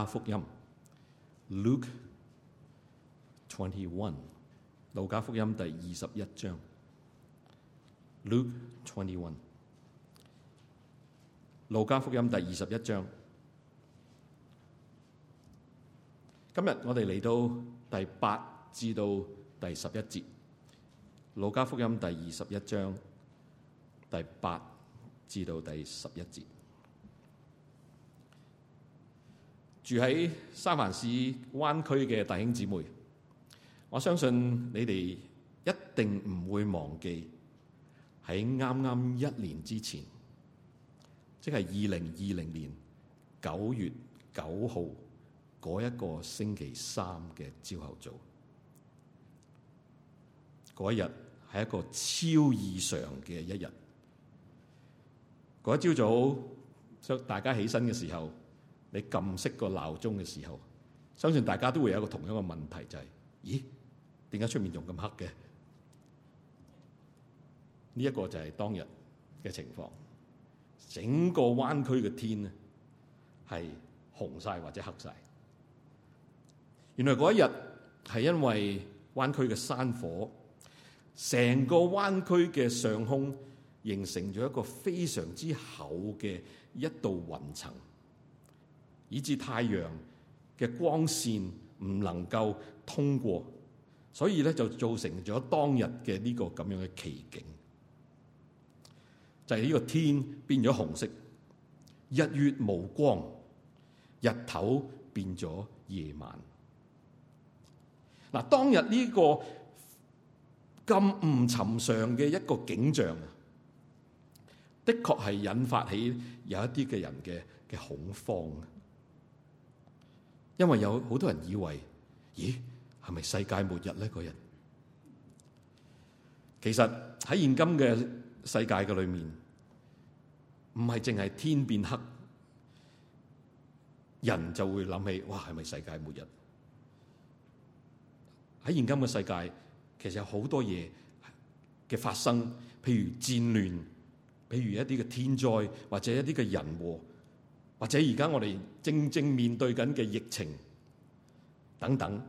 《路加福音》Luke twenty one，《路加福音》第二十一章。Luke twenty one，《路加福音》第二十一章。今日我哋嚟到第八至到第十一節，《路加福音》第二十一章第八至到第十一節。住喺三藩市灣區嘅弟兄姊妹，我相信你哋一定唔會忘記喺啱啱一年之前，即係二零二零年九月九號嗰一個星期三嘅朝頭早，嗰一日係一個超異常嘅一日。嗰一朝早，大家起身嘅時候。你撳熄個鬧鐘嘅時候，相信大家都會有一個同樣嘅問題，就係：咦，點解出面仲咁黑嘅？呢一個就係當日嘅情況。整個灣區嘅天咧係紅晒或者黑晒。原來嗰一日係因為灣區嘅山火，成個灣區嘅上空形成咗一個非常之厚嘅一道雲層。以至太陽嘅光線唔能夠通過，所以咧就造成咗當日嘅呢個咁樣嘅奇景，就係呢個天變咗紅色，日月無光，日頭變咗夜晚。嗱，當日呢個咁唔尋常嘅一個景象啊，的確係引發起有一啲嘅人嘅嘅恐慌。因為有好多人以為，咦，係咪世界末日咧？個人，其實喺現今嘅世界嘅裏面，唔係淨係天變黑，人就會諗起，哇，係咪世界末日？喺現今嘅世界，其實有好多嘢嘅發生，譬如戰亂，譬如一啲嘅天災，或者一啲嘅人禍。或者而家我哋正正面對緊嘅疫情等等，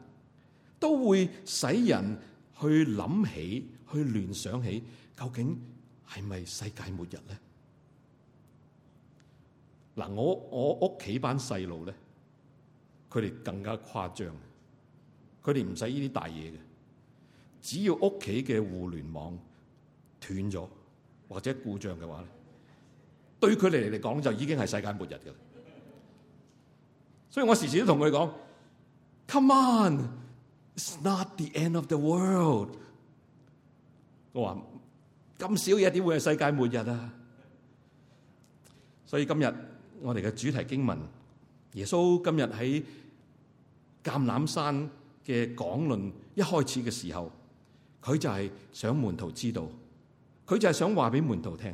都會使人去諗起、去聯想起，究竟係咪世界末日咧？嗱，我我屋企班細路咧，佢哋更加誇張，佢哋唔使呢啲大嘢嘅，只要屋企嘅互聯網斷咗或者故障嘅話咧。對佢哋嚟講就已經係世界末日㗎啦，所以我時時都同佢講：Come on，it's not the end of the world。我話咁少嘢點會係世界末日啊？所以今日我哋嘅主題經文，耶穌今日喺橄欖山嘅講論一開始嘅時候，佢就係想門徒知道，佢就係想話俾門徒聽。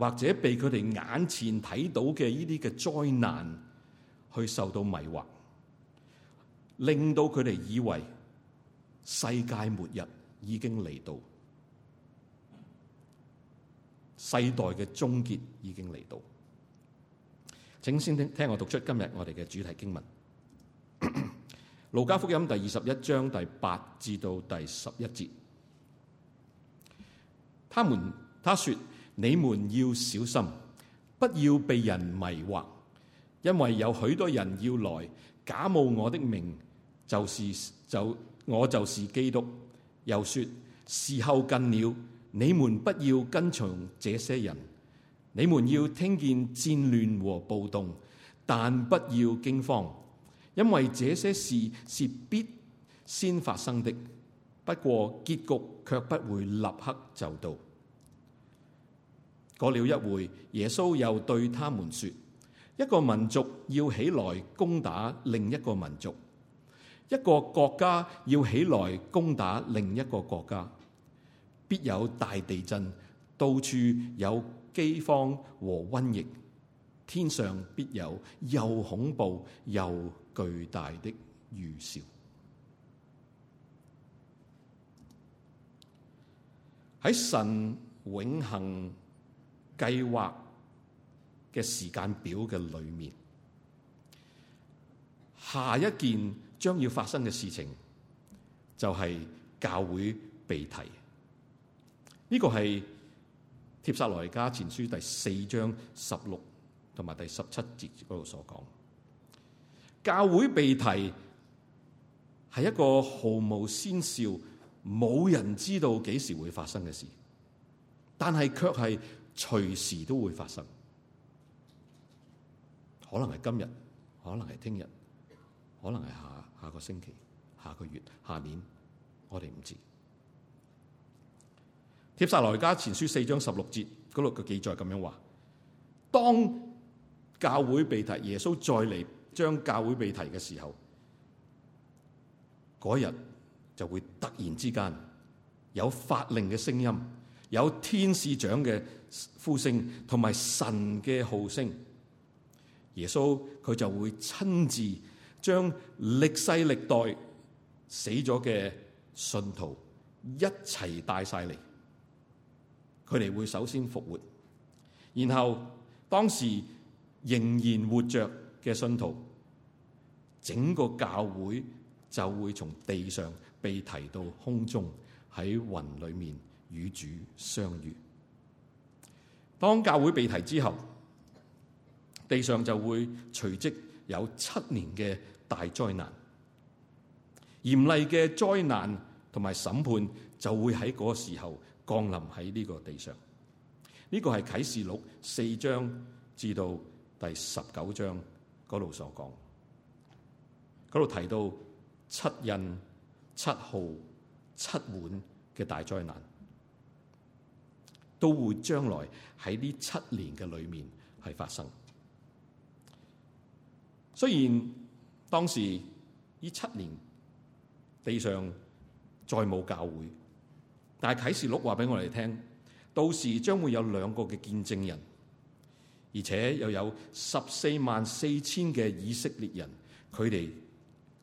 或者被佢哋眼前睇到嘅呢啲嘅災難去受到迷惑，令到佢哋以為世界末日已經嚟到，世代嘅終結已經嚟到。請先聽聽我讀出今日我哋嘅主題經文，《路咳咳加福音》第二十一章第八至到第十一節，他們他說。你們要小心，不要被人迷惑，因為有許多人要來假冒我的名，就是就我就是基督。又説時候近了，你們不要跟從這些人，你們要聽見戰亂和暴動，但不要驚慌，因為這些事是必先發生的，不過結局卻不會立刻就到。過了一會，耶穌又對他們說：一個民族要起來攻打另一個民族，一個國家要起來攻打另一個國家，必有大地震，到處有飢荒和瘟疫，天上必有又恐怖又巨大的預兆。喺神永恒。計劃嘅時間表嘅裏面，下一件將要發生嘅事情就係、是、教會被提。呢、這個係帖撒羅尼迦前書第四章十六同埋第十七節嗰度所講。教會被提係一個毫無先兆、冇人知道幾時會發生嘅事，但係卻係。隨時都會發生，可能係今日，可能係聽日，可能係下下個星期、下個月、下，月下年，我哋唔知。帖撒羅尼迦前書四章十六節嗰六個記載咁樣話：當教會被提，耶穌再嚟將教會被提嘅時候，嗰日就會突然之間有法令嘅聲音，有天使長嘅呼聲同埋神嘅號聲，耶穌佢就會親自將歷世歷代死咗嘅信徒一齊帶晒嚟，佢哋會首先復活，然後當時仍然活着嘅信徒，整個教會就會從地上被提到空中，喺雲裏面與主相遇。當教會被提之後，地上就會隨即有七年嘅大災難，嚴厲嘅災難同埋審判就會喺嗰個時候降臨喺呢個地上。呢個係啟示錄四章至到第十九章嗰度所講，嗰度提到七印、七號、七碗嘅大災難。都會將來喺呢七年嘅裏面係發生。雖然當時呢七年地上再冇教會，但係啟示錄話俾我哋聽到時，將會有兩個嘅見證人，而且又有十四萬四千嘅以色列人，佢哋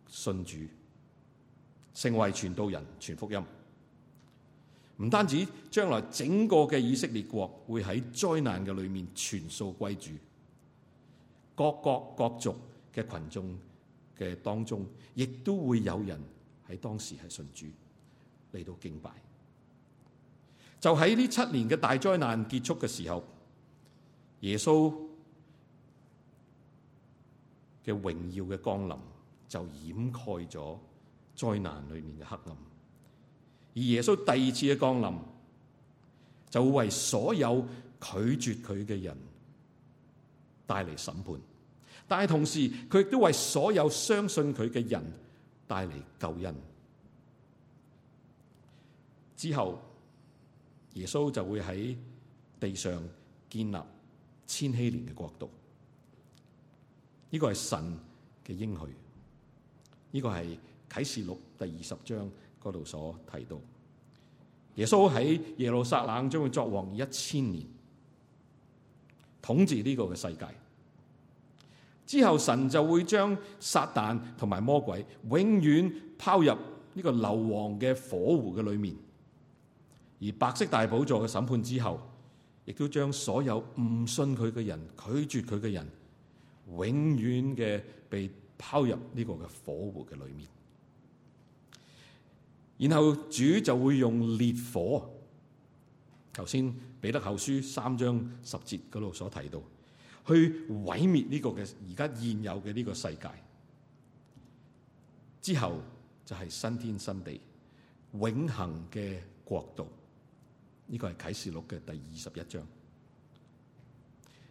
信主，成為傳道人、傳福音。唔單止將來整個嘅以色列國會喺災難嘅裏面全數歸主，各國各,各族嘅群眾嘅當中，亦都會有人喺當時係信主嚟到敬拜。就喺呢七年嘅大災難結束嘅時候，耶穌嘅榮耀嘅光臨就掩蓋咗災難裏面嘅黑暗。而耶穌第二次嘅降臨，就會為所有拒絕佢嘅人帶嚟審判，但係同時佢亦都為所有相信佢嘅人帶嚟救恩。之後耶穌就會喺地上建立千禧年嘅國度，呢個係神嘅應許，呢個係啟示錄第二十章。嗰度所提到，耶穌喺耶路撒冷將會作王一千年，統治呢個嘅世界。之後，神就會將撒旦同埋魔鬼永遠拋入呢個硫磺嘅火湖嘅裏面。而白色大寶座嘅審判之後，亦都將所有唔信佢嘅人、拒絕佢嘅人，永遠嘅被拋入呢個嘅火湖嘅裏面。然後主就會用烈火，頭先彼得後書三章十節嗰度所提到，去毀滅呢個嘅而家現有嘅呢個世界，之後就係新天新地，永恒嘅國度。呢、這個係啟示錄嘅第二十一章。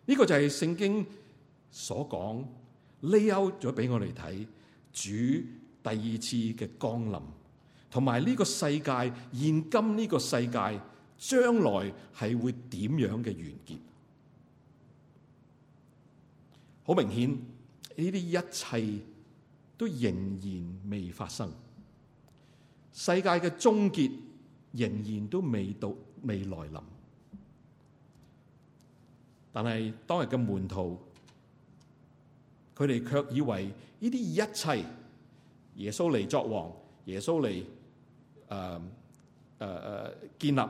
呢、這個就係聖經所講，lay out 咗俾我哋睇主第二次嘅降臨。同埋呢個世界，現今呢個世界將來係會點樣嘅完結？好明顯，呢啲一切都仍然未發生，世界嘅終結仍然都未到，未來臨。但係當日嘅門徒，佢哋卻以為呢啲一切，耶穌嚟作王，耶穌嚟。誒誒誒，建立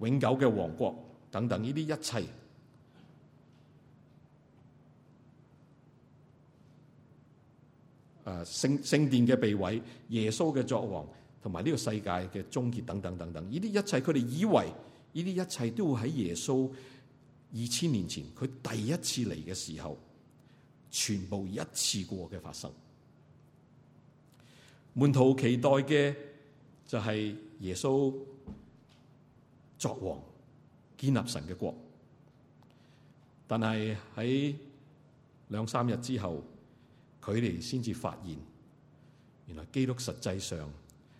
永久嘅王國，等等呢啲一切聖，誒聖聖殿嘅被毀，耶穌嘅作王，同埋呢個世界嘅終結，等等等等，呢啲一切，佢哋以為呢啲一切都會喺耶穌二千年前佢第一次嚟嘅時候，全部一次過嘅發生，門徒期待嘅，就係耶穌作王，建立神嘅國。但係喺兩三日之後，佢哋先至發現，原來基督實際上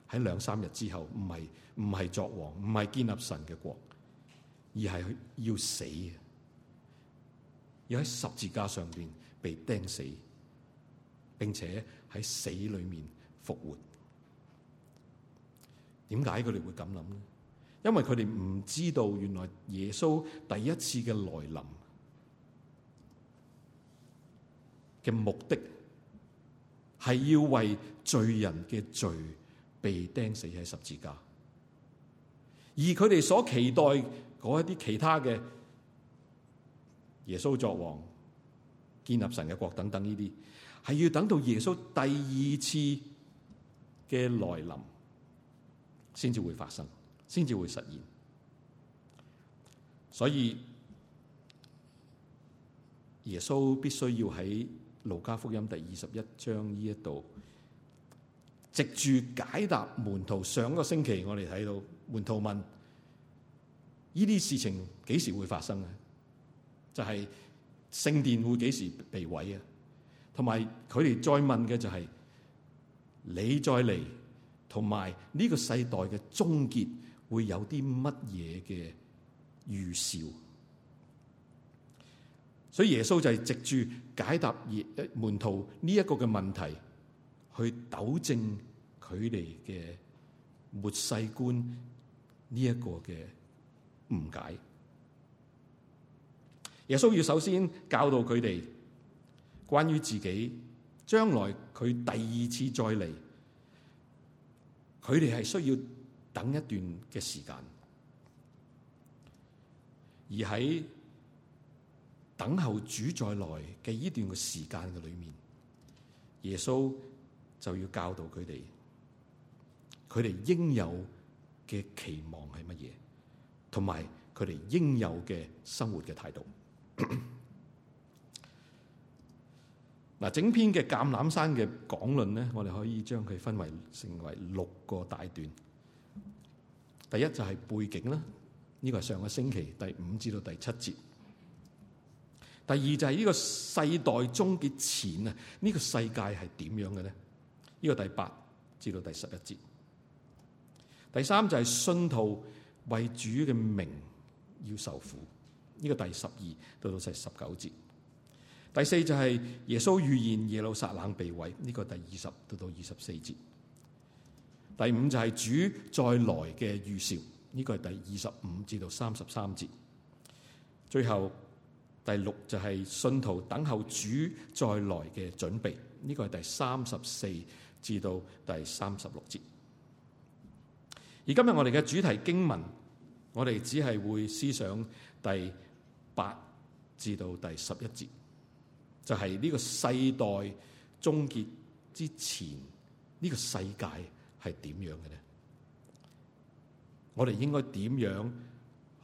喺兩三日之後，唔係唔係作王，唔係建立神嘅國，而係要死嘅，要喺十字架上邊被釘死，並且喺死裡面復活。點解佢哋會咁諗呢？因為佢哋唔知道原來耶穌第一次嘅來臨嘅目的係要為罪人嘅罪被釘死喺十字架，而佢哋所期待嗰啲其他嘅耶穌作王、建立神嘅國等等呢啲，係要等到耶穌第二次嘅來臨。先至會發生，先至會實現。所以耶穌必須要喺《路加福音》第二十一章呢一度，藉住解答門徒。上個星期我哋睇到門徒問：呢啲事情幾時會發生呀？就係聖殿會幾時被毀啊？同埋佢哋再問嘅就係你再嚟。同埋呢個世代嘅終結會有啲乜嘢嘅預兆？所以耶穌就係藉住解答門徒呢一個嘅問題，去糾正佢哋嘅末世觀呢一個嘅誤解。耶穌要首先教導佢哋關於自己將來佢第二次再嚟。佢哋係需要等一段嘅時間，而喺等候主再來嘅呢段嘅時間嘅裏面，耶穌就要教導佢哋，佢哋應有嘅期望係乜嘢，同埋佢哋應有嘅生活嘅態度。 嗱，整篇嘅橄欖山嘅講論咧，我哋可以將佢分為成為六個大段。第一就係背景啦，呢、這個係上個星期第五至到第七節。第二就係呢個世代終結前啊，呢、這個世界係點樣嘅咧？呢、這個第八至到第十一節。第三就係信徒為主嘅名要受苦，呢、這個第十二到到第十九節。第四就係耶穌預言耶路撒冷被毀，呢個第二十到到二十四節。第五就係主再來嘅預兆，呢個係第二十五至到三十三節。最後第六就係信徒等候主再來嘅準備，呢個係第三十四至到第三十六節。而今日我哋嘅主題經文，我哋只係會思想第八至到第十一節。就係、是，呢個世代終結之前，呢、這個世界係點樣嘅咧？我哋應該點樣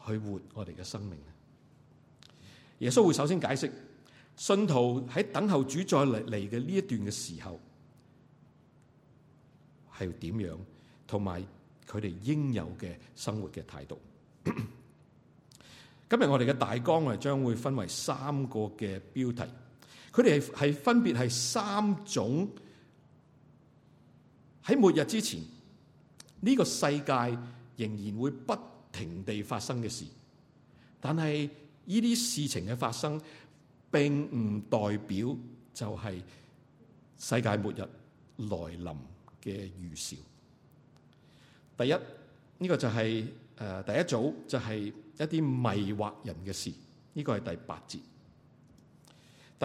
去活我哋嘅生命咧？耶穌會首先解釋信徒喺等候主再嚟嚟嘅呢一段嘅時候係點樣，同埋佢哋應有嘅生活嘅態度。今日我哋嘅大綱，我哋將會分為三個嘅標題。佢哋係分別係三種。喺末日之前呢個世界仍然會不停地發生嘅事，但係呢啲事情嘅發生並唔代表就係世界末日來臨嘅預兆。第一呢個就係、是、誒、呃、第一組，就係一啲迷惑人嘅事，呢個係第八節。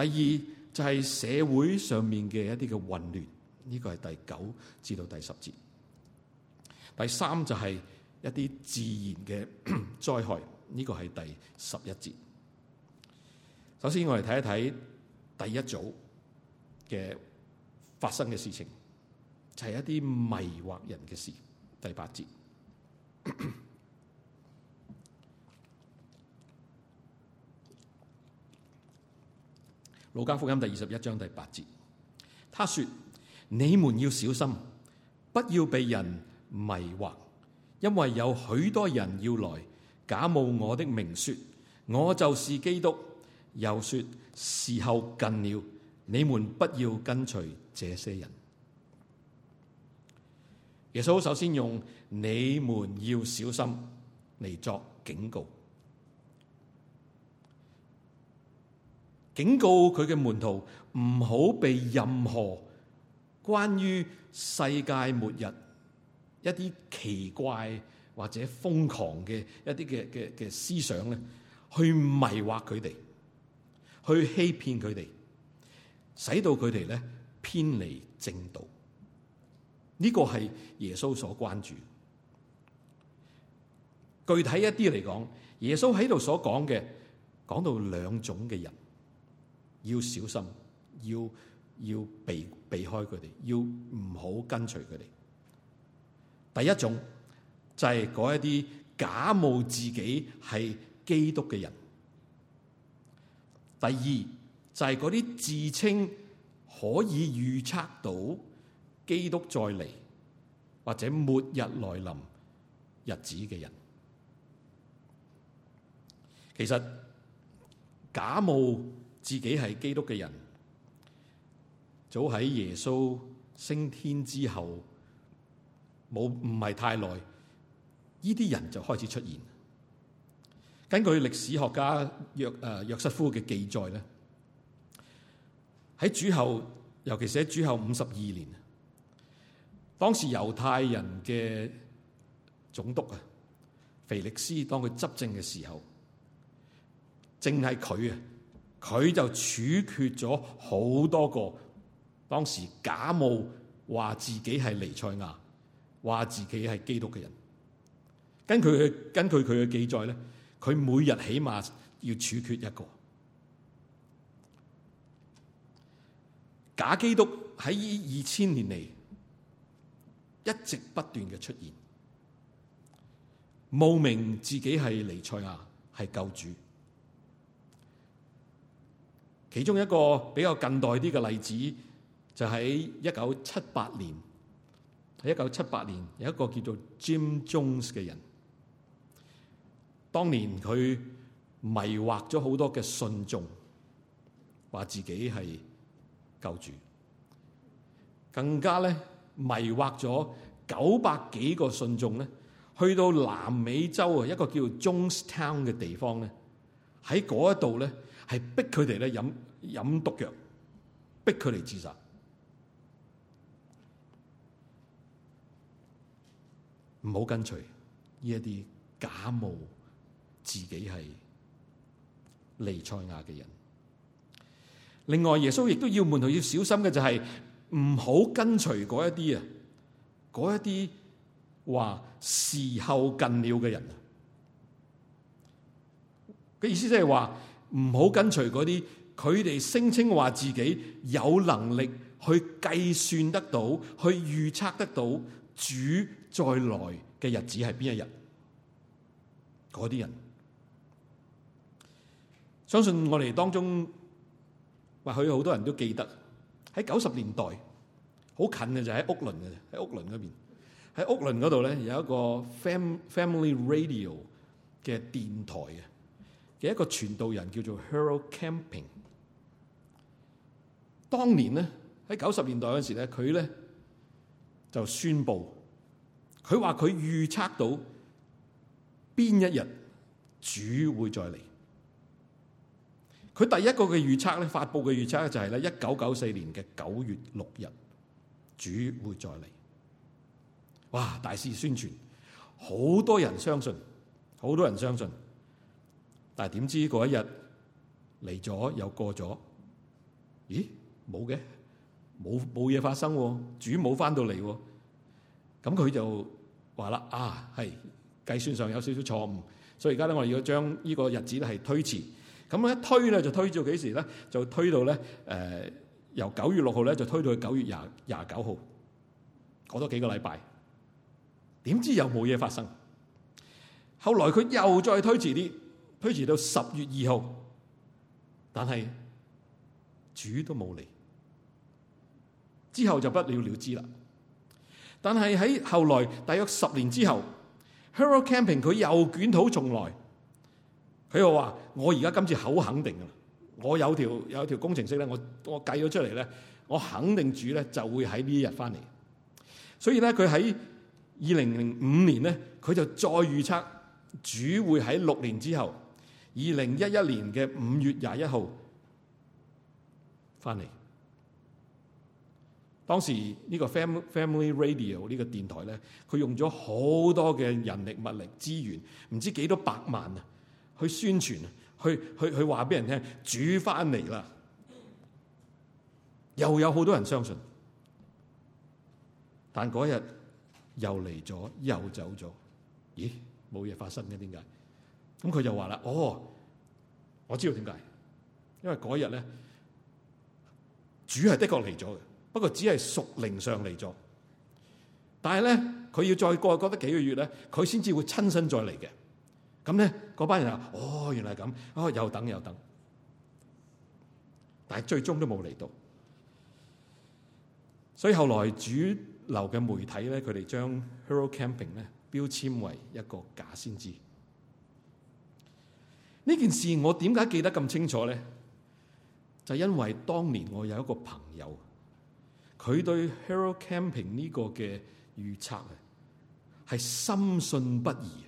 第二就係、是、社會上面嘅一啲嘅混亂，呢、這個係第九至到第十節。第三就係一啲自然嘅災害，呢、這個係第十一節。首先我哋睇一睇第一組嘅發生嘅事情，就係、是、一啲迷惑人嘅事。第八節。 路加福音第二十一章第八節，他說：你們要小心，不要被人迷惑，因為有許多人要來假冒我的名說：我就是基督。又說：時候近了，你們不要跟隨這些人。耶穌首先用你們要小心嚟作警告。警告佢嘅門徒唔好被任何關於世界末日一啲奇怪或者瘋狂嘅一啲嘅嘅嘅思想咧，去迷惑佢哋，去欺騙佢哋，使到佢哋咧偏離正道。呢個係耶穌所關注嘅。具體一啲嚟講，耶穌喺度所講嘅，講到兩種嘅人。要小心，要要避避開佢哋，要唔好跟隨佢哋。第一種就係嗰一啲假冒自己係基督嘅人；第二就係嗰啲自稱可以預測到基督再嚟或者末日來臨日子嘅人。其實假冒。自己係基督嘅人，早喺耶穌升天之後，冇唔係太耐，呢啲人就開始出現。根據歷史學家約誒、啊、約瑟夫嘅記載咧，喺主後，尤其係喺主後五十二年，當時猶太人嘅總督啊，腓力斯當佢執政嘅時候，淨係佢啊。佢就處決咗好多個當時假冒話自己係彌賽亞，話自己係基督嘅人。根據佢根據佢嘅記載咧，佢每日起碼要處決一個假基督在。喺二千年嚟一直不斷嘅出現，冒名自己係彌賽亞，係救主。其中一個比較近代啲嘅例子，就喺一九七八年。喺一九七八年，有一個叫做 Jim Jones 嘅人，當年佢迷惑咗好多嘅信眾，話自己係救主，更加咧迷惑咗九百幾個信眾咧，去到南美洲啊一個叫做 Jones Town 嘅地方咧，喺嗰一度咧。係逼佢哋咧飲飲毒藥，逼佢哋自殺。唔好跟隨呢一啲假冒自己係彌賽亞嘅人。另外，耶穌亦都要門徒要小心嘅就係唔好跟隨嗰一啲啊，嗰一啲話時候近了嘅人。嘅意思即係話。唔好跟隨嗰啲，佢哋聲稱話自己有能力去計算得到、去預測得到主再來嘅日子係邊一日，嗰啲人。相信我哋當中或許好多人都記得，喺九十年代好近嘅就喺屋崙嘅，喺屋崙嗰邊，喺屋崙嗰度咧有一個 Family Radio 嘅電台嘅一個傳道人叫做 Harold Camping，當年呢，喺九十年代嗰時咧，佢咧就宣佈，佢話佢預測到邊一日主會再嚟。佢第一個嘅預測咧，發布嘅預測就係咧一九九四年嘅九月六日，主會再嚟。哇！大肆宣傳，好多人相信，好多人相信。但係點知嗰一日嚟咗又過咗？咦，冇嘅，冇冇嘢發生喎，主冇返到嚟喎。咁佢就話啦：啊，係計算上有少少錯誤，所以而家咧我哋要將呢個日子咧係推遲。咁一推咧就推咗幾時咧？就推到咧誒、呃、由九月六號咧就推到去九月廿廿九號，多幾個禮拜。點知又冇嘢發生？後來佢又再推遲啲。推遲到十月二號，但係主都冇嚟，之後就不了了之啦。但係喺後來大約十年之後，Harold Camping 佢又捲土重來，佢又話：我而家今次好肯定嘅，我有條有條工程式咧，我我計咗出嚟咧，我肯定主咧就會喺呢一日翻嚟。所以咧，佢喺二零零五年咧，佢就再預測主會喺六年之後。二零一一年嘅五月廿一號翻嚟。當時呢個 family family radio 呢個電台咧，佢用咗好多嘅人力物力資源，唔知幾多百萬啊，去宣傳啊，去去去話俾人聽，主翻嚟啦，又有好多人相信，但嗰日又嚟咗，又走咗，咦，冇嘢發生嘅，點解？咁佢就話啦，哦，我知道點解，因為嗰日咧，主係的確嚟咗嘅，不過只係屬靈上嚟咗。但係咧，佢要再過過得幾個月咧，佢先至會親身再嚟嘅。咁、嗯、咧，嗰班人話，哦，原來係咁，哦，又等又等。但係最終都冇嚟到，所以後來主流嘅媒體咧，佢哋將 Hero Camping 咧標籤為一個假先知。呢件事我點解記得咁清楚咧？就因為當年我有一個朋友，佢對 Harold Camping 呢個嘅預測啊，係深信不疑。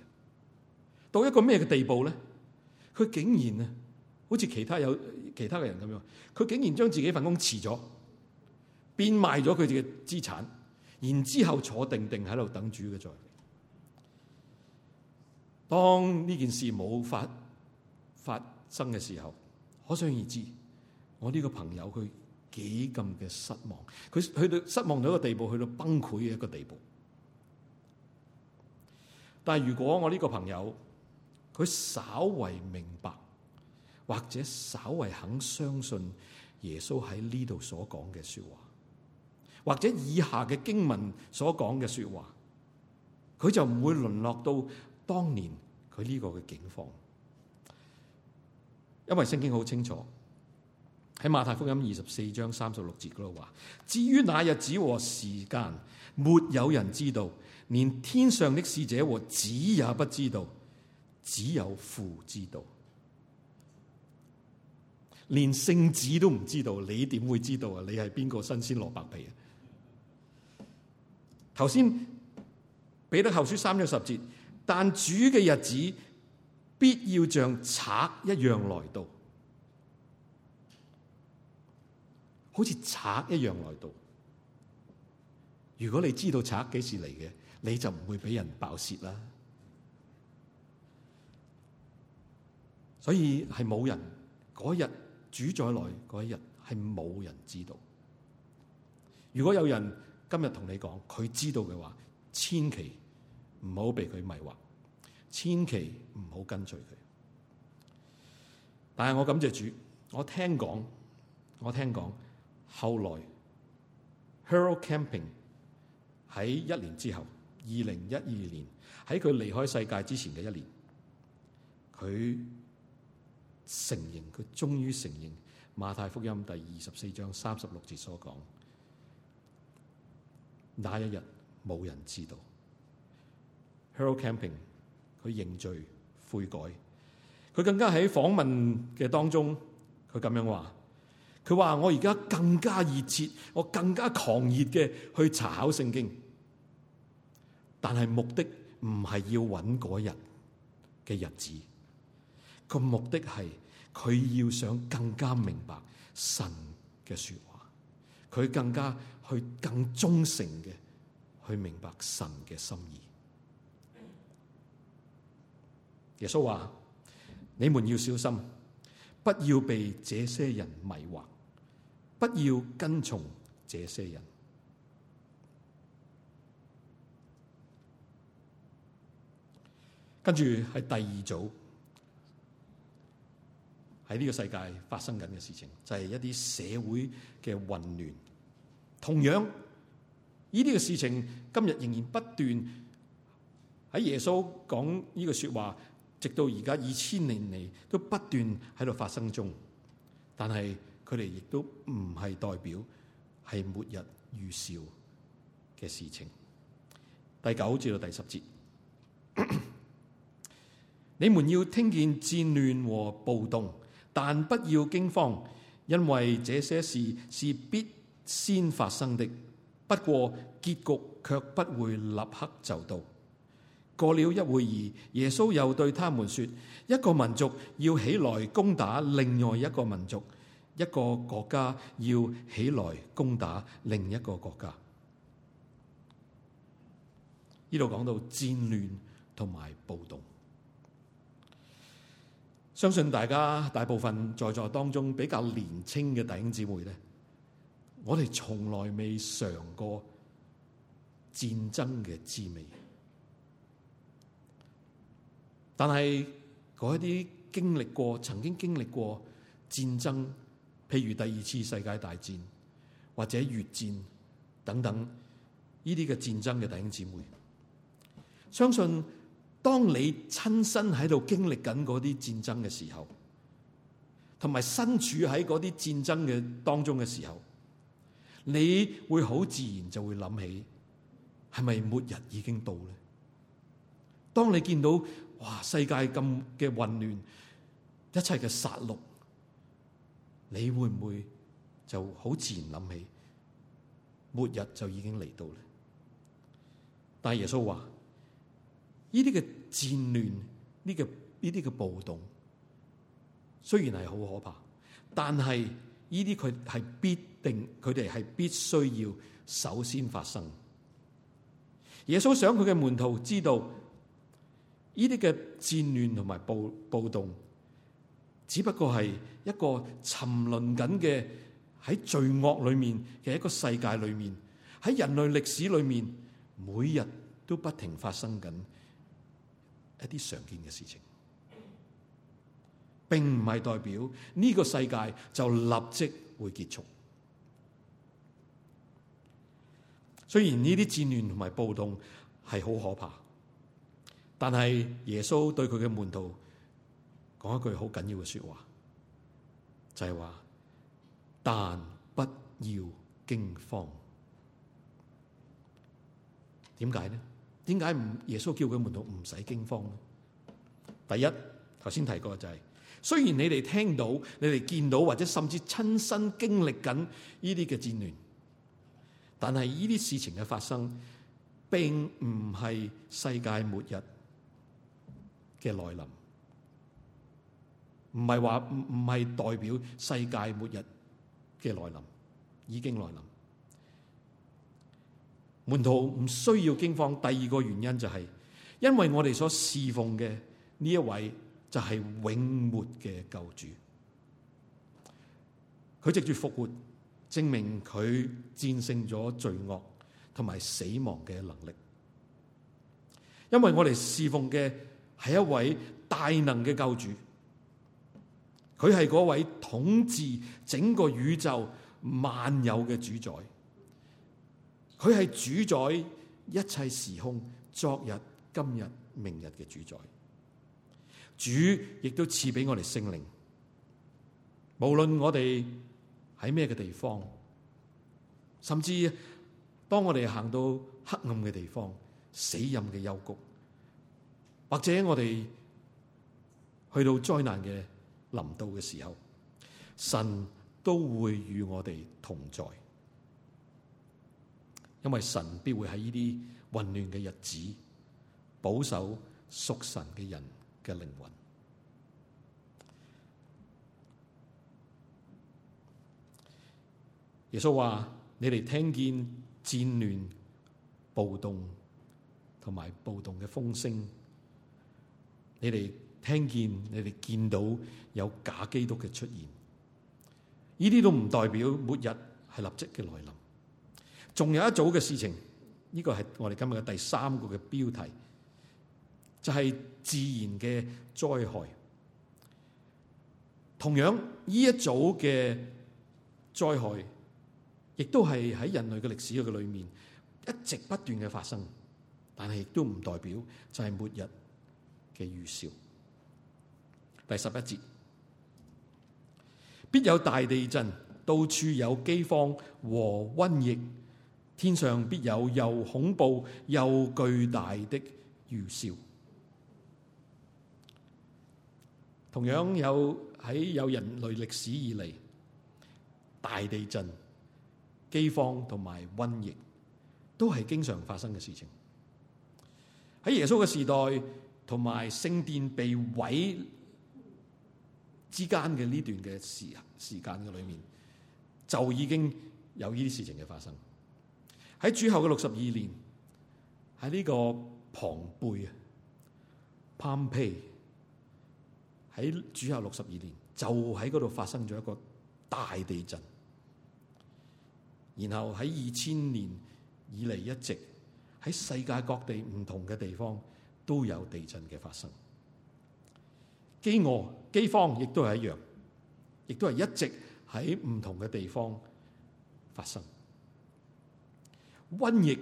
到一個咩嘅地步咧？佢竟然啊，好似其他有其他嘅人咁樣，佢竟然將自己份工辭咗，變賣咗佢嘅資產，然之後坐定定喺度等主嘅在。當呢件事冇發。發生嘅時候，可想而知，我呢個朋友佢幾咁嘅失望，佢去到失望到一個地步，去到崩潰嘅一個地步。但係如果我呢個朋友佢稍為明白，或者稍為肯相信耶穌喺呢度所講嘅說話，或者以下嘅經文所講嘅說話，佢就唔會淪落到當年佢呢個嘅境況。因為聖經好清楚，喺馬太福音二十四章三十六節嗰度話：至於那日子和時間，沒有人知道，連天上的使者和子也不知道，只有父知道。連聖子都唔知道，你點會知道啊？你係邊個新鮮蘿蔔皮啊？頭先彼得後書三章十節，但主嘅日子，必要像賊一樣來到，好似賊一樣來到。如果你知道賊幾時嚟嘅，你就唔會俾人爆竊啦。所以係冇人，嗰日主宰嚟，嗰一日係冇人知道。如果有人今日同你講佢知道嘅話，千祈唔好被佢迷惑。千祈唔好跟隨佢。但係我感謝主，我聽講，我聽講，後來 Harold Camping 喺一年之後，二零一二年喺佢離開世界之前嘅一年，佢承認佢終於承認馬太福音第二十四章三十六節所講，那一日冇人知道 Harold Camping。去認罪悔改，佢更加喺訪問嘅當中，佢咁樣話，佢話我而家更加熱切，我更加狂熱嘅去查考聖經，但係目的唔係要揾嗰日嘅日子，個目的係佢要想更加明白神嘅說話，佢更加去更忠誠嘅去明白神嘅心意。耶穌話：你們要小心，不要被這些人迷惑，不要跟從這些人。跟住係第二組，喺呢個世界發生緊嘅事情，就係、是、一啲社會嘅混亂。同樣，呢啲嘅事情今日仍然不斷喺耶穌講呢個說話。直到而家二千年嚟，都不斷喺度發生中，但係佢哋亦都唔係代表係末日預兆嘅事情。第九至到第十節，你們要聽見戰亂和暴動，但不要驚慌，因為這些事是必先發生的。不過結局卻不會立刻就到。過了一會兒，耶穌又對他們說，一個民族要起來攻打另外一個民族，一個國家要起來攻打另一個國家。呢度講到戰亂同埋暴動，相信大家大部分在座當中比較年輕嘅弟兄姊妹咧，我哋從來未嘗過戰爭嘅滋味。但係嗰一啲經歷過、曾經經歷過戰爭，譬如第二次世界大戰或者越戰等等，呢啲嘅戰爭嘅弟兄姊妹，相信當你親身喺度經歷緊嗰啲戰爭嘅時候，同埋身處喺嗰啲戰爭嘅當中嘅時候，你會好自然就會諗起，係咪末日已經到咧？當你見到。哇！世界咁嘅混亂，一切嘅殺戮，你會唔會就好自然諗起末日就已經嚟到咧？但係耶穌話：呢啲嘅戰亂，呢個呢啲嘅暴動，雖然係好可怕，但係呢啲佢係必定，佢哋係必須要首先發生。耶穌想佢嘅門徒知道。呢啲嘅戰亂同埋暴暴動，只不過係一個沉淪緊嘅喺罪惡裏面嘅一個世界裏面，喺人類歷史裏面，每日都不停發生緊一啲常見嘅事情，並唔係代表呢個世界就立即會結束。雖然呢啲戰亂同埋暴動係好可怕。但係耶穌對佢嘅門徒講一句好緊要嘅說話，就係話：但不要驚慌。點解呢？點解唔耶穌叫佢門徒唔使驚慌呢？第一，頭先提過就係，雖然你哋聽到，你哋見到或者甚至親身經歷緊呢啲嘅戰亂，但係呢啲事情嘅發生，並唔係世界末日。嘅來臨，唔係話唔唔係代表世界末日嘅來臨，已經來臨。門徒唔需要驚慌。第二個原因就係、是，因為我哋所侍奉嘅呢一位就係永活嘅救主，佢藉住復活證明佢戰勝咗罪惡同埋死亡嘅能力。因為我哋侍奉嘅。係一位大能嘅救主，佢係嗰位統治整個宇宙萬有嘅主宰，佢係主宰一切時空，昨日、今日、明日嘅主宰。主亦都賜俾我哋聖靈，無論我哋喺咩嘅地方，甚至當我哋行到黑暗嘅地方、死蔭嘅幽谷。或者我哋去到災難嘅臨到嘅時候，神都會與我哋同在，因為神必會喺呢啲混亂嘅日子保守屬神嘅人嘅靈魂。耶穌話：你哋聽見戰亂、暴動同埋暴動嘅風聲。你哋聽見，你哋見到有假基督嘅出現，呢啲都唔代表末日係立即嘅來臨。仲有一組嘅事情，呢、這個係我哋今日嘅第三個嘅標題，就係、是、自然嘅災害。同樣呢一組嘅災害，亦都係喺人類嘅歷史嘅裏面一直不斷嘅發生，但係亦都唔代表就係末日。嘅預兆，第十一節，必有大地震，到處有饑荒和瘟疫，天上必有又恐怖又巨大的預兆。同樣有喺有人類歷史以嚟，大地震、饑荒同埋瘟疫都係經常發生嘅事情。喺耶穌嘅時代，同埋聖殿被毀之間嘅呢段嘅時時間嘅裏面，就已經有呢啲事情嘅發生。喺主後嘅六十二年，喺呢個龐貝啊、攀皮喺主後六十二年，就喺嗰度發生咗一個大地震。然後喺二千年以嚟一直喺世界各地唔同嘅地方。都有地震嘅發生，飢餓飢荒亦都係一樣，亦都係一直喺唔同嘅地方發生。瘟疫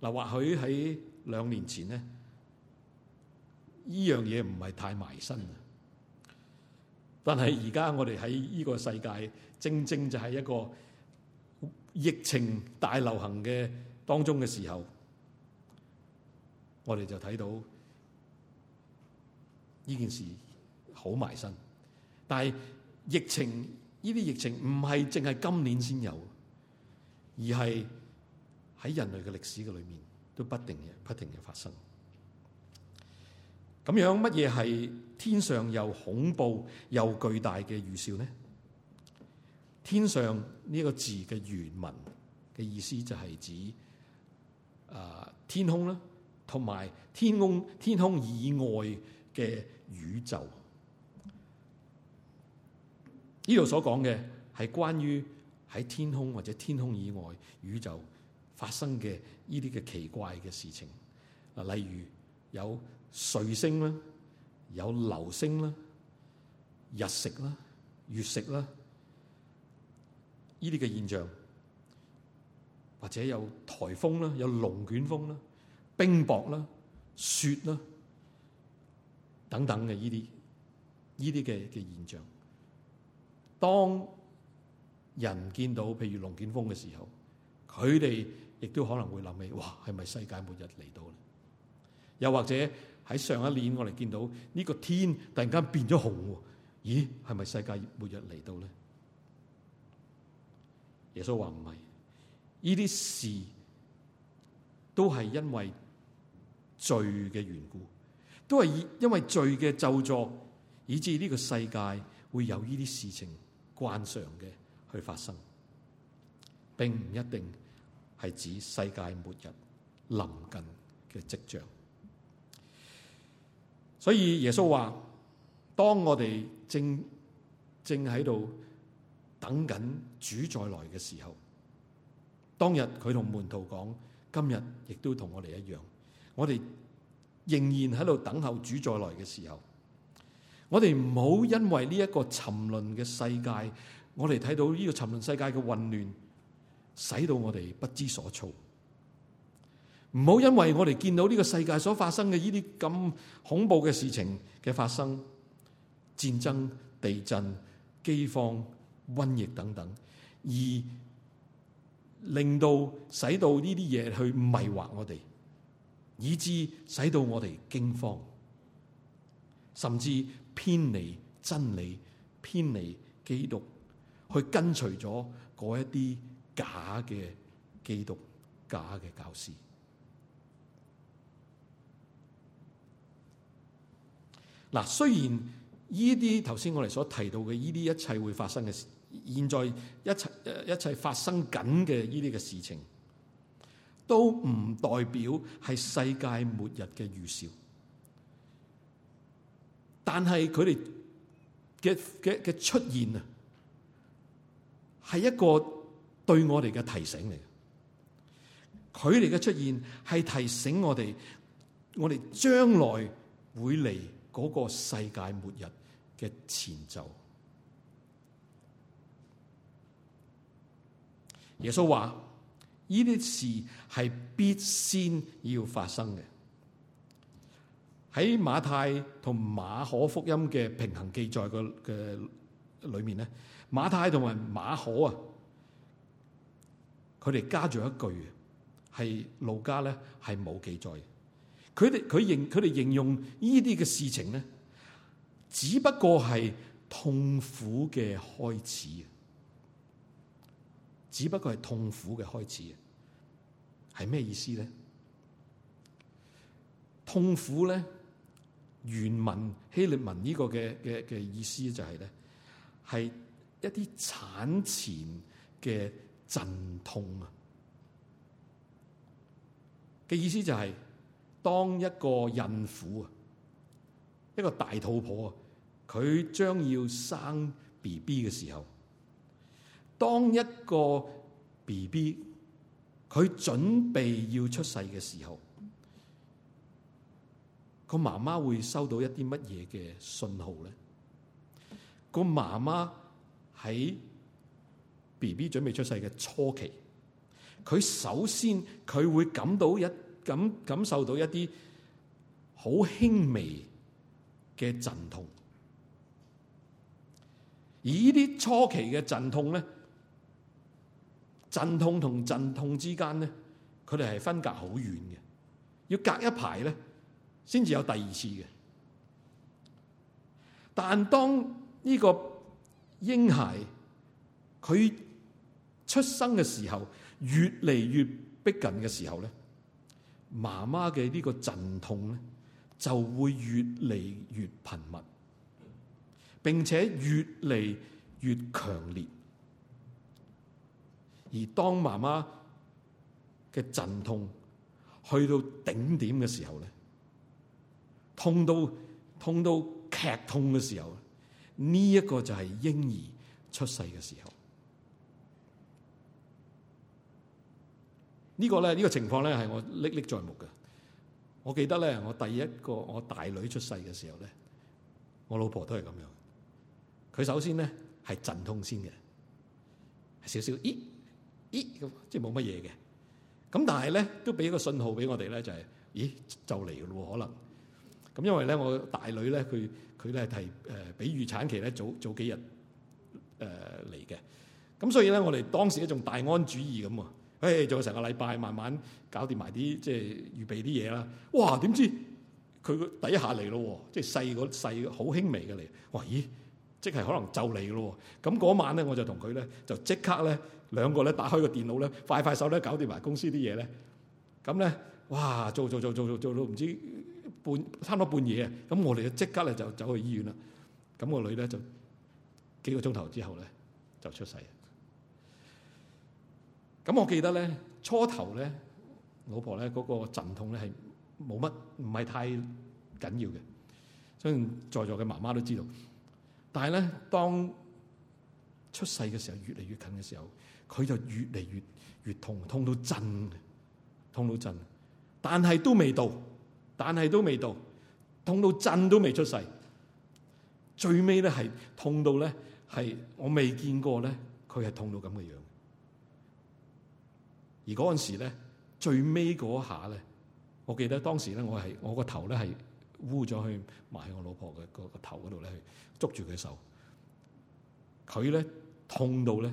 嗱，或許喺兩年前咧，呢樣嘢唔係太埋身啊，但係而家我哋喺呢個世界，正正就係一個疫情大流行嘅當中嘅時候。我哋就睇到呢件事好埋身，但係疫情呢啲疫情唔係淨係今年先有，而係喺人類嘅歷史嘅裏面都不停嘅不停嘅發生。咁樣乜嘢係天上又恐怖又巨大嘅預兆呢？天上呢個字嘅原文嘅意思就係指啊、呃、天空啦。同埋天空天空以外嘅宇宙，呢度所講嘅係關於喺天空或者天空以外宇宙發生嘅呢啲嘅奇怪嘅事情，例如有彗星啦，有流星啦，日食啦，月食啦，呢啲嘅現象，或者有台風啦，有龍捲風啦。冰雹啦、雪啦等等嘅呢啲呢啲嘅嘅現象，當人見到譬如龍捲風嘅時候，佢哋亦都可能會諗起：「哇，係咪世界末日嚟到咧？又或者喺上一年我哋見到呢個天突然間變咗紅，咦，係咪世界末日嚟到咧？耶穌話唔係，呢啲事都係因為罪嘅緣故，都係以因為罪嘅咒詛，以致呢個世界會有呢啲事情慣常嘅去發生，並唔一定係指世界末日臨近嘅跡象。所以耶穌話：當我哋正正喺度等緊主再來嘅時候，當日佢同門徒講：今日亦都同我哋一樣。我哋仍然喺度等候主再來嘅時候，我哋唔好因為呢一個沉淪嘅世界，我哋睇到呢個沉淪世界嘅混亂，使到我哋不知所措。唔好因為我哋見到呢個世界所發生嘅呢啲咁恐怖嘅事情嘅發生，戰爭、地震、饑荒、瘟疫等等，而令到使到呢啲嘢去迷惑我哋。以致使到我哋驚慌，甚至偏離真理，偏離基督，去跟隨咗嗰一啲假嘅基督、假嘅教師。嗱，雖然呢啲頭先我哋所提到嘅呢啲一切會發生嘅事，現在一切一切發生緊嘅呢啲嘅事情。都唔代表係世界末日嘅預兆，但係佢哋嘅嘅嘅出現啊，係一個對我哋嘅提醒嚟嘅。佢哋嘅出現係提醒我哋，我哋將來會嚟嗰個世界末日嘅前奏。耶穌話。呢啲事係必先要發生嘅。喺馬太同馬可福音嘅平行記載嘅嘅裏面咧，馬太同埋馬可啊，佢哋加咗一句嘅，係路加咧係冇記載嘅。佢哋佢認佢哋形容呢啲嘅事情咧，只不過係痛苦嘅開始。只不過係痛苦嘅開始，係咩意思咧？痛苦咧，原文希臘文呢個嘅嘅嘅意思就係、是、咧，係一啲產前嘅陣痛啊。嘅意思就係、是、當一個孕婦啊，一個大肚婆啊，佢將要生 B B 嘅時候。當一個 B B 佢準備要出世嘅時候，個媽媽會收到一啲乜嘢嘅信號咧？個媽媽喺 B B 準備出世嘅初期，佢首先佢會感到一感感受到一啲好輕微嘅陣痛，而呢啲初期嘅陣痛咧。陣痛同陣痛之間咧，佢哋係分隔好遠嘅，要隔一排咧，先至有第二次嘅。但當呢個嬰孩佢出生嘅時候，越嚟越逼近嘅時候咧，媽媽嘅呢個陣痛咧就會越嚟越頻密，並且越嚟越強烈。而當媽媽嘅陣痛去到頂點嘅時候咧，痛到痛到劇痛嘅時候，呢、這、一個就係嬰兒出世嘅時候。這個、呢個咧呢個情況咧係我歷歷在目嘅。我記得咧，我第一個我大女出世嘅時候咧，我老婆都係咁樣。佢首先咧係陣痛先嘅，少少咦～咦，即係冇乜嘢嘅，咁但係咧都俾個信號俾我哋咧，就係咦就嚟咯喎，可能咁因為咧我大女咧佢佢咧係誒比預產期咧早早幾日誒嚟嘅。咁、呃、所以咧我哋當時咧仲大安主義咁啊，誒仲有成個禮拜慢慢搞掂埋啲即係預備啲嘢啦，哇點知佢個底下嚟咯喎，即係細個細好輕微嘅嚟，哇咦！即係可能就嚟咯，咁嗰晚咧，我就同佢咧就即刻咧兩個咧打開個電腦咧，快快手咧搞掂埋公司啲嘢咧，咁咧哇做做做做做做到唔知半差唔多半夜啊！咁我哋就即刻咧就走去醫院啦。咁個女咧就幾個鐘頭之後咧就出世。咁我記得咧初頭咧老婆咧嗰個陣痛咧係冇乜唔係太緊要嘅，所以在座嘅媽媽都知道。但係咧，當出世嘅時候越嚟越近嘅時候，佢就越嚟越越痛，痛到震，痛到震。但係都未到，但係都未到，痛到震都未出世。最尾咧係痛到咧係我未見過咧，佢係痛到咁嘅樣的。而嗰陣時咧，最尾嗰下咧，我記得當時咧，我係我個頭咧係。是污咗去埋喺我老婆嘅個頭嗰度咧，捉住佢手，佢咧痛到咧，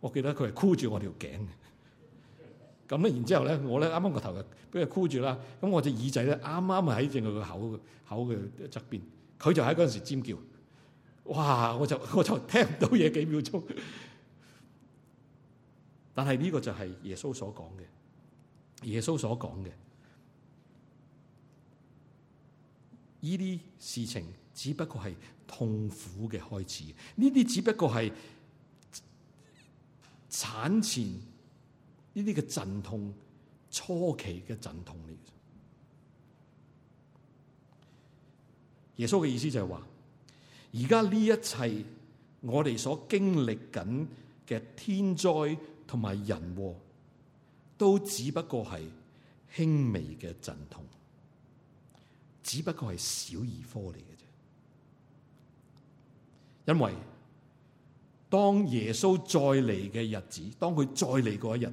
我記得佢係箍住我條頸嘅，咁咧，然之後咧，我咧啱啱個頭就俾佢箍住啦，咁我隻耳仔咧啱啱係喺正佢個口口嘅側邊，佢就喺嗰陣時尖叫，哇！我就我就聽唔到嘢幾秒鐘，但係呢個就係耶穌所講嘅，耶穌所講嘅。呢啲事情只不過係痛苦嘅開始，呢啲只不過係產前呢啲嘅陣痛，初期嘅陣痛嚟嘅。耶穌嘅意思就係話，而家呢一切我哋所經歷緊嘅天災同埋人禍，都只不過係輕微嘅陣痛。只不過係小兒科嚟嘅啫，因為當耶穌再嚟嘅日子，當佢再嚟嗰一日，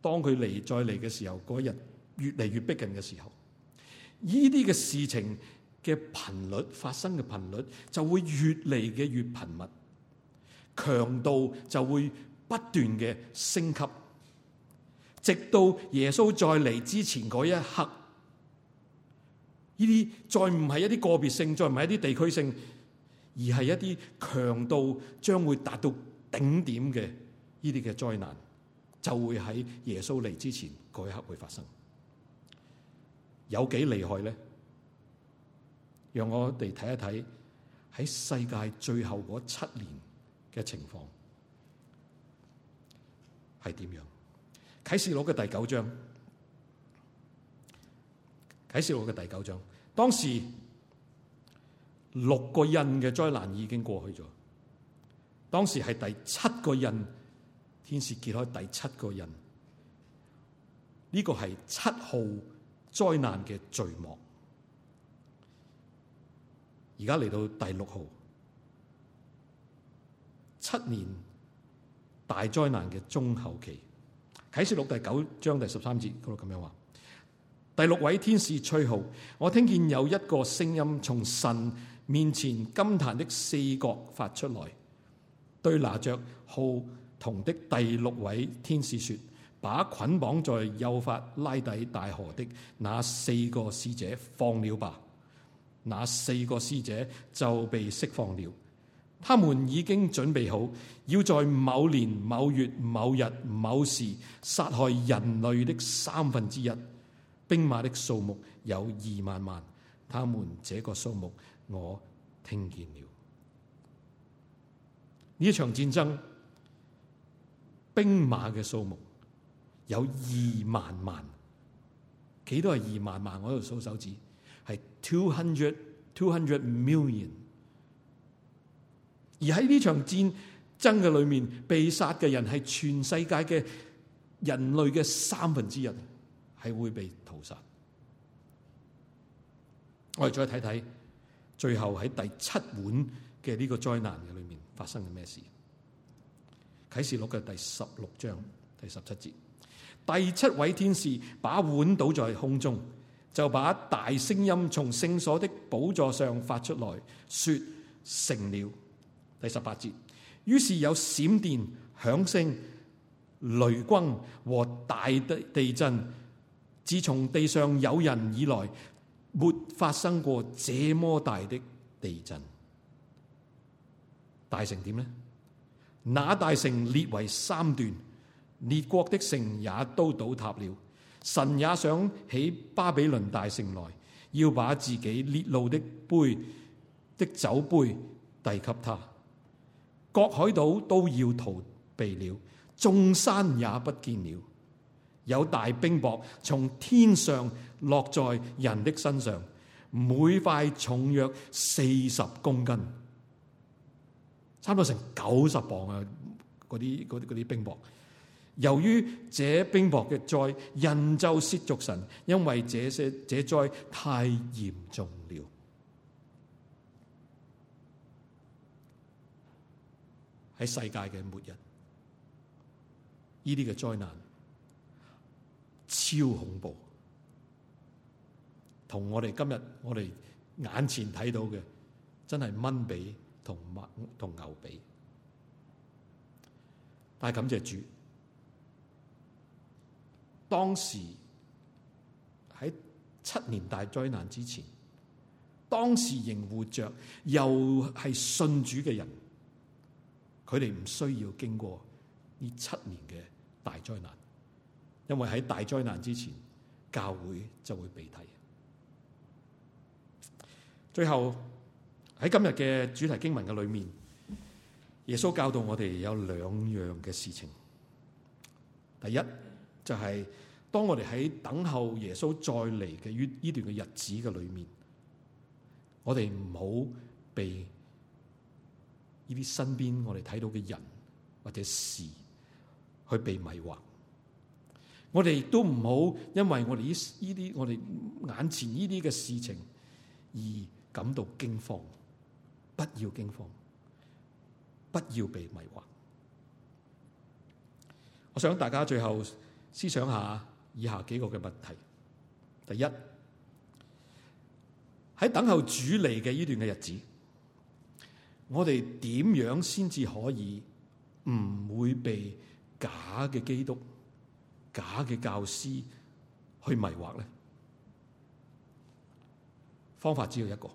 當佢嚟再嚟嘅時候，嗰一日越嚟越逼近嘅時候，呢啲嘅事情嘅頻率發生嘅頻率就會越嚟嘅越頻密，強度就會不斷嘅升級，直到耶穌再嚟之前嗰一刻。呢啲再唔係一啲個別性，再唔係一啲地區性，而係一啲強度將會達到頂點嘅呢啲嘅災難，就會喺耶穌嚟之前嗰一刻會發生。有幾厲害咧？讓我哋睇一睇喺世界最後嗰七年嘅情況係點樣？啟示錄嘅第九章，啟示錄嘅第九章。當時六個印嘅災難已經過去咗，當時係第七個印，天使揭開第七個印，呢、這個係七號災難嘅序幕。而家嚟到第六號七年大災難嘅中後期，啟示錄第九章第十三節嗰度咁樣話。第六位天使吹號，我聽見有一個聲音從神面前金壇的四角發出來，對拿着號筒的第六位天使說：把捆綁在幼發拉底大河的那四個使者放了吧。那四個使者就被釋放了。佢哋已經準備好要在某年某月某日某時殺害人類的三分之一。兵馬的數目有二萬萬，他們這個數目我聽見了。呢一場戰爭，兵馬嘅數目有二萬萬，幾多係二萬萬？我喺度數手指，係 two hundred two hundred million。而喺呢場戰爭嘅裏面，被殺嘅人係全世界嘅人類嘅三分之一。係會被屠殺。我哋再睇睇，最後喺第七碗嘅呢個災難嘅裏面發生嘅咩事？啟示錄嘅第十六章第十七節，第七位天使把碗倒在空中，就把大聲音從聖所的寶座上發出來，說成了。第十八節，於是有閃電、響聲、雷轟和大地震。自從地上有人以來，沒發生過這麼大的地震。大城點呢？那大城列為三段，列國的城也都倒塌了。神也想起巴比倫大城來，要把自己烈怒的杯的酒杯遞給他。各海島都要逃避了，眾山也不見了。有大冰雹從天上落在人的身上，每塊重約四十公斤，差唔多成九十磅啊！嗰啲啲啲冰雹，由於這冰雹嘅災，人就褻瀆神，因為這些這災太嚴重了，喺世界嘅末日，呢啲嘅災難。超恐怖，同我哋今日我哋眼前睇到嘅，真係蚊髀同麥同牛髀。但係感謝主，當時喺七年大災難之前，當時仍活着又係信主嘅人，佢哋唔需要經過呢七年嘅大災難。因為喺大災難之前，教會就會被提。最後喺今日嘅主題經文嘅裏面，耶穌教導我哋有兩樣嘅事情。第一就係、是、當我哋喺等候耶穌再嚟嘅於呢段嘅日子嘅裏面，我哋唔好被呢啲身邊我哋睇到嘅人或者事去被迷惑。我哋都唔好因為我哋呢啲我哋眼前呢啲嘅事情而感到驚慌，不要驚慌，不要被迷惑。我想大家最後思想下以下幾個嘅問題：第一，喺等候主嚟嘅呢段嘅日子，我哋點樣先至可以唔會被假嘅基督？假嘅教師去迷惑咧？方法只有一個，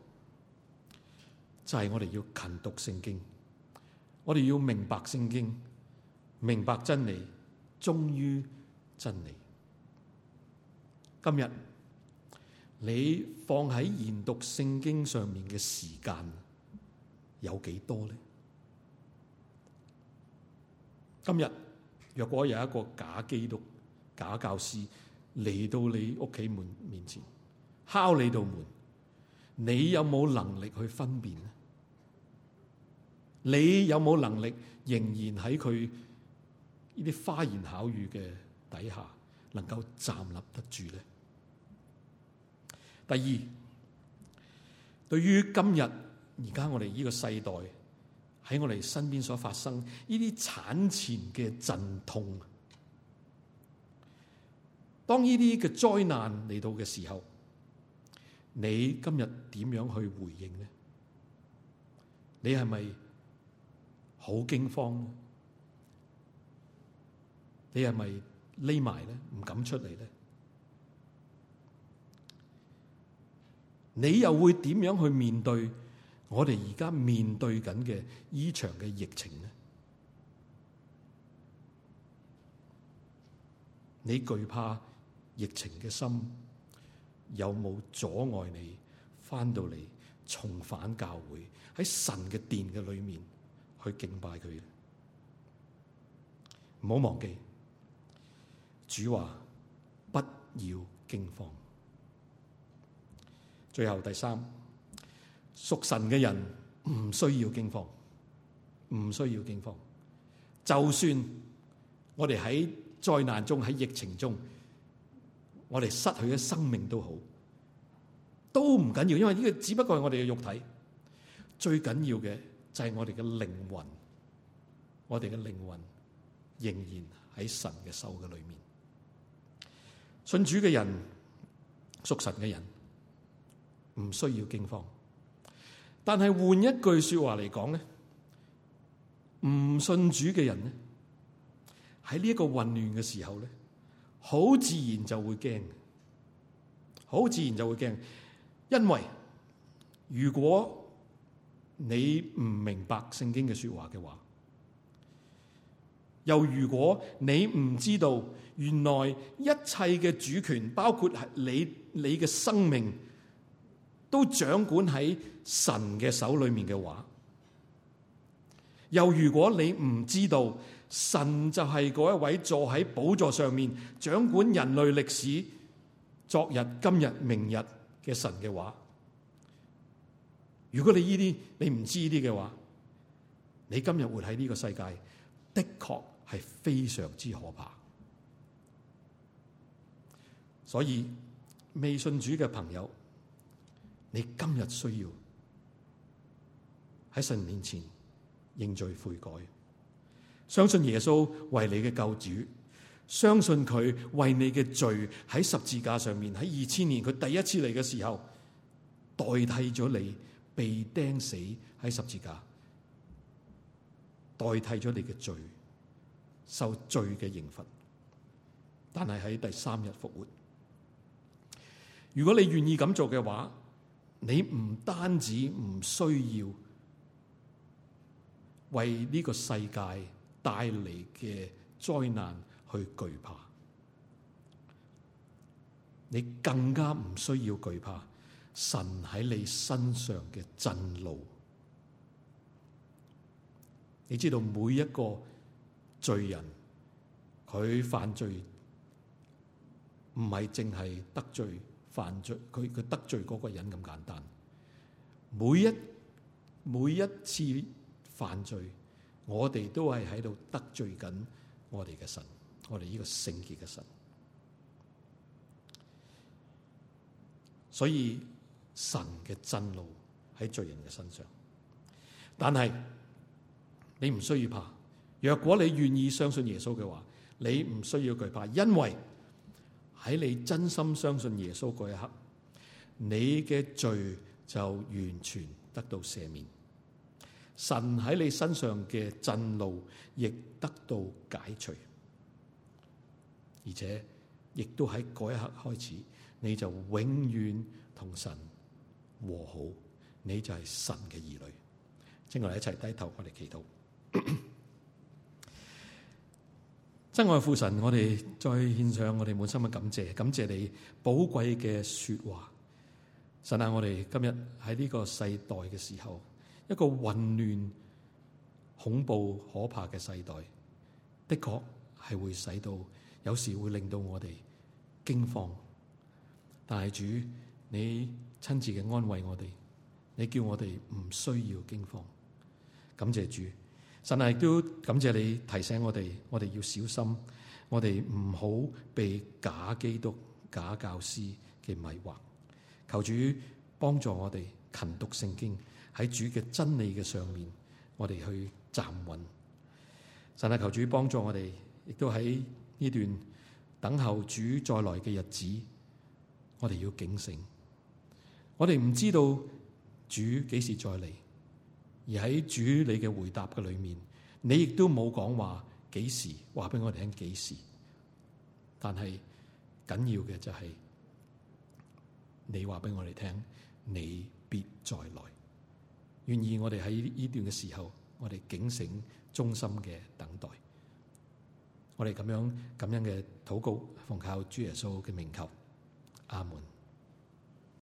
就係我哋要勤讀聖經，我哋要明白聖經，明白真理，忠於真理。今日你放喺研讀聖經上面嘅時間有幾多咧？今日若果有一個假基督，假教師嚟到你屋企門面前敲你道門，你有冇能力去分辨呢？你有冇能力仍然喺佢呢啲花言巧語嘅底下，能夠站立得住呢？第二，對於今日而家我哋呢個世代喺我哋身邊所發生呢啲產前嘅陣痛。當呢啲嘅災難嚟到嘅時候，你今日點樣去回應呢？你係咪好驚慌？你係咪匿埋咧，唔敢出嚟咧？你又會點樣去面對我哋而家面對緊嘅呢場嘅疫情呢？你懼怕？疫情嘅心有冇阻礙你返到嚟，重返教會喺神嘅殿嘅裏面去敬拜佢？唔好忘記主話，不要驚慌。最後第三屬神嘅人唔需要驚慌，唔需要驚慌。就算我哋喺災難中，喺疫情中。我哋失去嘅生命都好，都唔緊要，因為呢個只不過係我哋嘅肉體。最緊要嘅就係我哋嘅靈魂，我哋嘅靈魂仍然喺神嘅手嘅裏面。信主嘅人，屬神嘅人，唔需要驚慌。但係換一句說話嚟講咧，唔信主嘅人咧，喺呢一個混亂嘅時候咧。好自然就會驚，好自然就會驚，因為如果你唔明白聖經嘅說話嘅話，又如果你唔知道原來一切嘅主權包括係你你嘅生命都掌管喺神嘅手裏面嘅話，又如果你唔知道。神就係嗰一位坐喺寶座上面掌管人類歷史，昨日、今日、明日嘅神嘅話。如果你呢啲你唔知呢啲嘅話，你今日活喺呢個世界的確係非常之可怕。所以未信主嘅朋友，你今日需要喺神面前認罪悔改。相信耶穌為你嘅救主，相信佢為你嘅罪喺十字架上面，喺二千年佢第一次嚟嘅時候，代替咗你被釘死喺十字架，代替咗你嘅罪，受罪嘅刑罰。但係喺第三日復活。如果你願意咁做嘅話，你唔單止唔需要為呢個世界。帶嚟嘅災難去懼怕，你更加唔需要懼怕神喺你身上嘅震怒。你知道，每一個罪人，佢犯罪唔係淨係得罪犯罪，佢佢得罪嗰個人咁簡單。每一每一次犯罪。我哋都係喺度得罪緊我哋嘅神，我哋呢個聖潔嘅神。所以神嘅震怒喺罪人嘅身上，但係你唔需要怕。若果你願意相信耶穌嘅話，你唔需要懼怕，因為喺你真心相信耶穌嗰一刻，你嘅罪就完全得到赦免。神喺你身上嘅震怒亦得到解除，而且亦都喺嗰一刻開始，你就永遠同神和好，你就係神嘅兒女。請我哋一齊低頭我，我哋祈禱。真 愛父神，我哋再獻上我哋滿心嘅感謝，感謝你寶貴嘅說話。神啊，我哋今日喺呢個世代嘅時候。一個混亂、恐怖、可怕嘅世代，的確係會使到有時會令到我哋驚慌。但係主，你親自嘅安慰我哋，你叫我哋唔需要驚慌。感謝主，神係都感謝你提醒我哋，我哋要小心，我哋唔好被假基督、假教師嘅迷惑。求主幫助我哋勤讀聖經。喺主嘅真理嘅上面，我哋去站穩。神啊，求主幫助我哋，亦都喺呢段等候主再來嘅日子，我哋要警醒。我哋唔知道主幾時再嚟，而喺主你嘅回答嘅裏面，你亦都冇講話幾時，話俾我哋聽幾時。但係緊要嘅就係，你話俾我哋聽，你必再來。願意我哋喺呢段嘅時候，我哋警醒、忠心嘅等待，我哋咁樣、咁樣嘅禱告，奉靠主耶穌嘅名求，阿門。